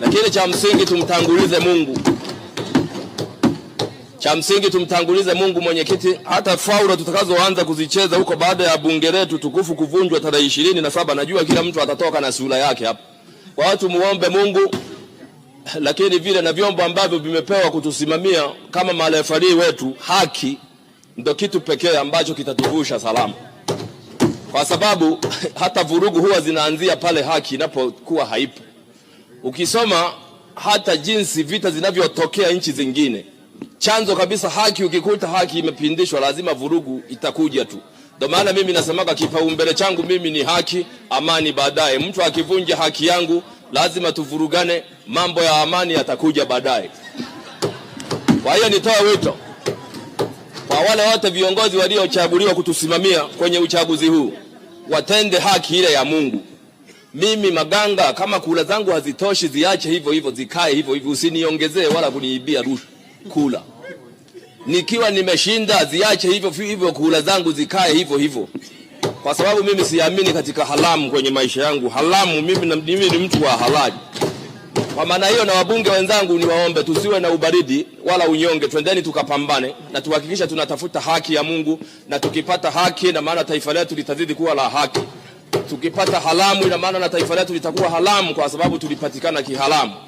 Lakini cha msingi tumtangulize Mungu, cha msingi tumtangulize Mungu. Mwenyekiti, hata faula tutakazoanza kuzicheza huko baada ya bunge letu tukufu kuvunjwa tarehe ishirini na saba, najua kila mtu atatoka na sura yake hapa. Kwa hiyo tumuombe Mungu, lakini vile na vyombo ambavyo vimepewa kutusimamia kama marefarii wetu, haki ndo kitu pekee ambacho kitatuvusha salama, kwa sababu hata vurugu huwa zinaanzia pale haki inapokuwa haipo. Ukisoma hata jinsi vita zinavyotokea nchi zingine, chanzo kabisa haki, ukikuta haki imepindishwa, lazima vurugu itakuja tu. Ndio maana mimi nasemaga kipaumbele changu mimi ni haki, amani baadaye. Mtu akivunja haki yangu lazima tuvurugane, mambo ya amani yatakuja baadaye. Kwa hiyo nitoa wito kwa wale wote viongozi waliochaguliwa kutusimamia kwenye uchaguzi huu, watende haki ile ya Mungu mimi Maganga, kama kula zangu hazitoshi ziache hivyo hivyo zikae hivyo hivyo, usiniongezee wala kuniibia kula. Nikiwa nimeshinda ziache hivyo hivyo kula zangu zikae hivyo hivyo, kwa sababu mimi siamini katika haramu kwenye maisha yangu. Haramu mimi, na, mimi ni mtu wa halali. Kwa maana hiyo, na wabunge wenzangu niwaombe, tusiwe na ubaridi wala unyonge, twendeni tukapambane na tuhakikisha tunatafuta haki ya Mungu, na tukipata haki, na maana taifa letu litazidi kuwa la haki. Tukipata halamu, ina maana na taifa letu litakuwa halamu, kwa sababu tulipatikana kihalamu.